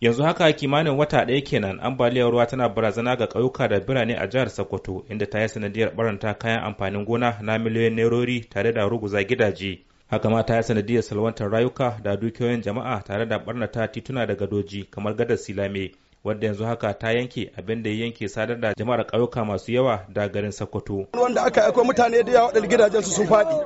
yanzu haka kimanin wata ɗaya kenan ambaliyar ruwa tana barazana ga ƙauyuka da birane a jihar sokoto inda ta yi sanadiyar baranta kayan amfanin gona na miliyoyin nerori tare da ruguza gidaje haka ma ta yi sanadiyar salwantar rayuka da dukiyoyin jama'a tare da barnata tituna da gadoji kamar gadar silame wadda yanzu haka ta yanke abin da ya yanke sadar da jama'ar ƙauyuka masu yawa da garin Sokoto. Wanda aka aiko mutane da yawa waɗanda gidajen su sun faɗi.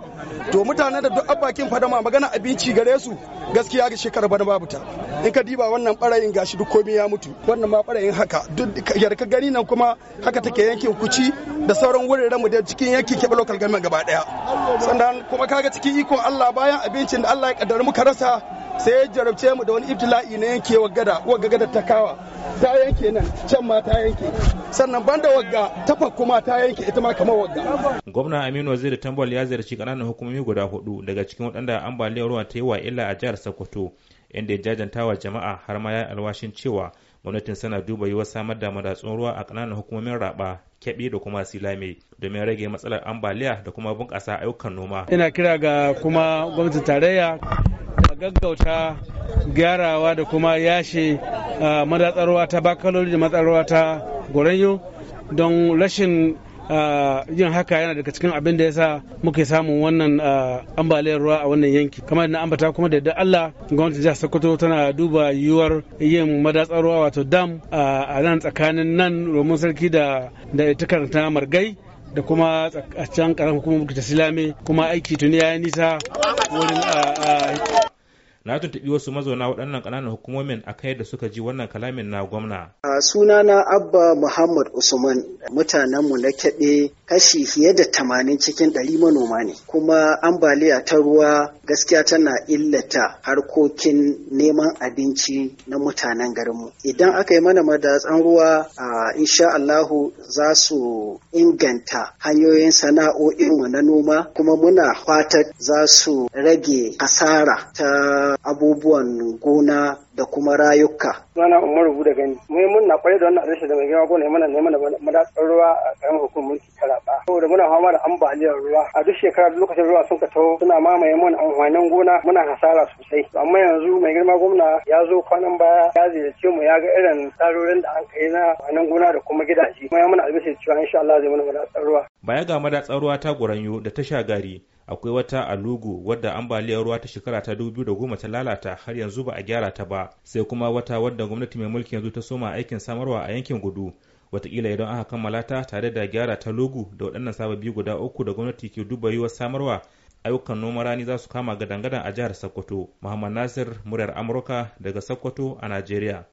To mutane da duk abakin fadama magana abinci gare su gaskiya ga shekara bana babu ta. In ka diba wannan ɓarayin gashi duk komai ya mutu. Wannan ma ɓarayin haka duk ka gani nan kuma haka take yanke kuci da sauran wuraren mu da cikin yankin keɓe local government gaba ɗaya. Sannan kuma kaga cikin ikon Allah bayan abincin da Allah ya kaddara muka rasa sai ya jarabce mu da wani ibtila'i na yankewa gada wa gada ta kawa ta yanke nan can ma ta yanke sannan banda wagga tafa kuma ta yanke ita ma kamar wagga gwamna aminu waziri tambal ya ziyarci kananan hukumomi guda hudu daga cikin waɗanda ambaliyar ruwa ta yi wa illa a jihar sokoto inda ya jajanta wa jama'a har ma ya alwashin cewa gwamnatin sana duba yiwuwar samar da madatsun ruwa a kananan hukumomin raba kebe da kuma silame domin rage matsalar ambaliya da kuma bunƙasa ayyukan noma ina kira ga kuma gwamnatin tarayya a gaggauta gyarawa da kuma yashe Ah, madatsarwa ta bakalori da matsarwa ta goranyo don rashin ah, yin haka yana daga cikin abin da ya sa muke samun wannan ah, ambaliyar ruwa a wannan yanki kamar na ambata kuma da yadda Allah gwamnati jihar Sokoto tana duba yiwuwar yin madatsarwa wato dam a nan tsakanin nan Roman Sarki da da ita karanta margai da kuma a can karamar hukumar ta silame kuma aiki tuni ya nisa wurin na tuntubi wasu mazauna waɗannan ƙananan hukumomin a kai da suka ji wannan kalamin na gwamna. A sunana Abba Muhammad Usman mutanenmu na kyaɗe kashi fiye da tamanin cikin ɗari manoma ne kuma ambaliya ta ruwa gaskiya tana illata harkokin neman abinci na mutanen garinmu. Idan aka yi mana madatsan ruwa a insha Allahu za su inganta hanyoyin sana'o'inmu na noma kuma muna fatar za su rage asara ta abubuwan gona da kuma rayuka. Sunana Umar Buda Gani. Mun na kwarai da wannan rashin da mai girma gona mana neman madatsar ruwa a karamar hukumar mulki ta Raba. Saboda muna fama da ambaliyar ruwa. A duk shekara lokacin ruwa sun ka taho suna mamaye mun amfanin gona muna hasara sosai. Amma yanzu mai girma gwamna ya zo kwanan baya ya ziyarce mu ya ga irin tsarorin da an kai na amfanin gona da kuma gidaje. Kuma ya muna albishir cewa insha Allah zai mana madatsar ruwa. Baya ga madatsar ruwa ta Goranyo da ta Shagari akwai wata a lugu wadda ambaliyar ruwa ta shekara ta da 2010 ta lalata har yanzu ba a gyara ta ba sai kuma wata wadda gwamnati mai mulki yanzu ta soma aikin samarwa a yankin gudu wataƙila idan aka kammala ta tare da gyara ta lugu da waɗannan sababi guda uku da gwamnati ke duba yiwa samarwa ayyukan noman rani za su kama gadan-gadan a jihar sokoto muhammad nasir muryar amurka daga sokoto a najeriya